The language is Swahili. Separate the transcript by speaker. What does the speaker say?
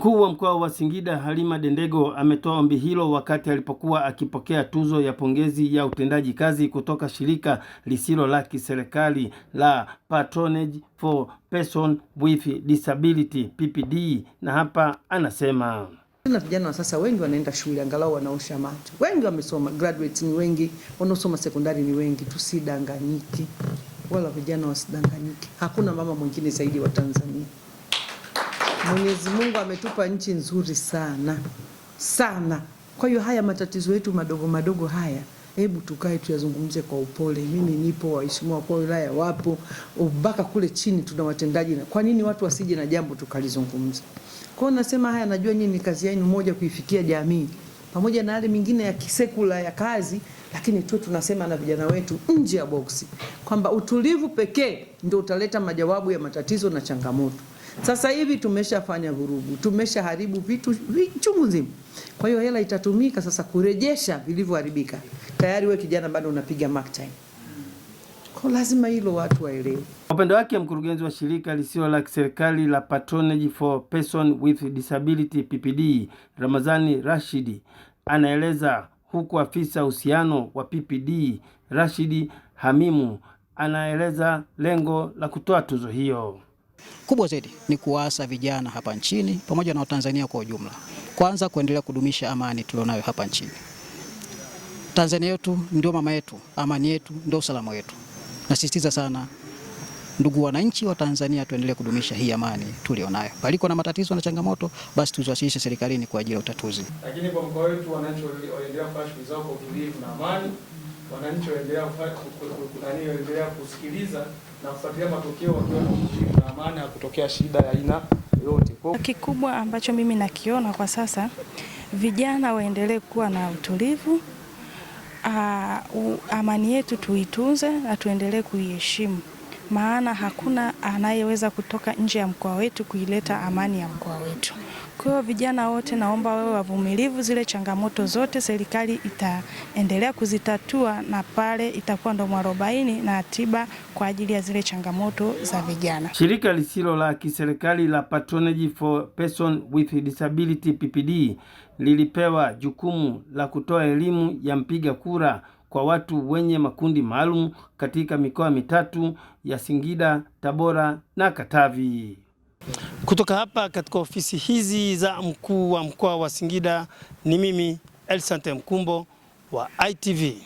Speaker 1: Mkuu wa Mkoa wa Singida Halima Dendego ametoa ombi hilo wakati alipokuwa akipokea tuzo ya pongezi ya utendaji kazi kutoka shirika lisilo la kiserikali la Patronage for Person with Disability PPD, na hapa anasema
Speaker 2: na vijana wa sasa wengi wanaenda shule, angalau wanaosha macho, wengi wamesoma, graduates ni wengi, wanaosoma sekondari ni wengi, tusidanganyike, wala vijana wasidanganyike. Hakuna mama mwingine zaidi wa Tanzania. Mwenyezi Mungu ametupa nchi nzuri sana sana. Kwa hiyo haya matatizo yetu madogo madogo haya hebu tukae tuyazungumze kwa upole. Mimi nipo, waheshimiwa wakuu wa wilaya wapo, mpaka kule chini tuna watendaji. Kwa nini watu wasije na jambo tukalizungumza? Kwa hiyo nasema haya, najua nyinyi ni kazi yenu moja kuifikia jamii, pamoja na yale mingine ya kisekula ya kazi, lakini tu tunasema na vijana wetu nje ya boksi kwamba utulivu pekee ndio utaleta majawabu ya matatizo na changamoto. Sasa hivi tumeshafanya vurugu, tumeshaharibu vitu chungu nzima. Kwa hiyo hela itatumika sasa kurejesha vilivyoharibika. Tayari wewe kijana bado unapiga mark time. Kwa lazima hilo watu waelewe.
Speaker 1: Upendo wake mkurugenzi wa shirika lisilo la kiserikali la Patronage for Person with Disability PPD, Ramazani Rashidi anaeleza huku afisa uhusiano wa PPD Rashidi Hamimu anaeleza lengo la kutoa tuzo hiyo.
Speaker 3: Kubwa zaidi ni kuwaasa vijana hapa nchini pamoja na Watanzania kwa ujumla, kwanza kuendelea kudumisha amani tulionayo hapa nchini. Tanzania yetu ndio mama yetu, amani yetu ndio usalama wetu. Nasisitiza sana ndugu wananchi wa Tanzania, tuendelee kudumisha hii amani tulionayo. Paliko na matatizo na changamoto, basi tuziwasilishe serikalini kwa ajili ya utatuzi.
Speaker 4: Lakini kwa mkoa wetu, wananchi waendelea kufanya shughuli zao kwa utulivu na amani wananchi waendelea waendelea kusikiliza na kufuatilia matokeo wakiwa na amani ya kutokea shida ya aina Kwa
Speaker 5: Kikubwa ambacho mimi nakiona kwa sasa, vijana waendelee kuwa na utulivu. Aa, ah, u, amani yetu tuitunze na tuendelee kuiheshimu maana hakuna anayeweza kutoka nje ya mkoa wetu kuileta amani ya mkoa wetu. Kwa hiyo vijana wote, naomba wewe wavumilivu, zile changamoto zote serikali itaendelea kuzitatua na pale itakuwa ndo mwarobaini na tiba kwa ajili ya zile changamoto za vijana.
Speaker 1: Shirika lisilo la kiserikali la Patronage for Person with Disability PPD lilipewa jukumu la kutoa elimu ya mpiga kura kwa watu wenye makundi maalum katika mikoa mitatu ya Singida, Tabora na Katavi. Kutoka hapa katika ofisi hizi za mkuu wa mkoa wa Singida, ni mimi Elsante Mkumbo wa ITV.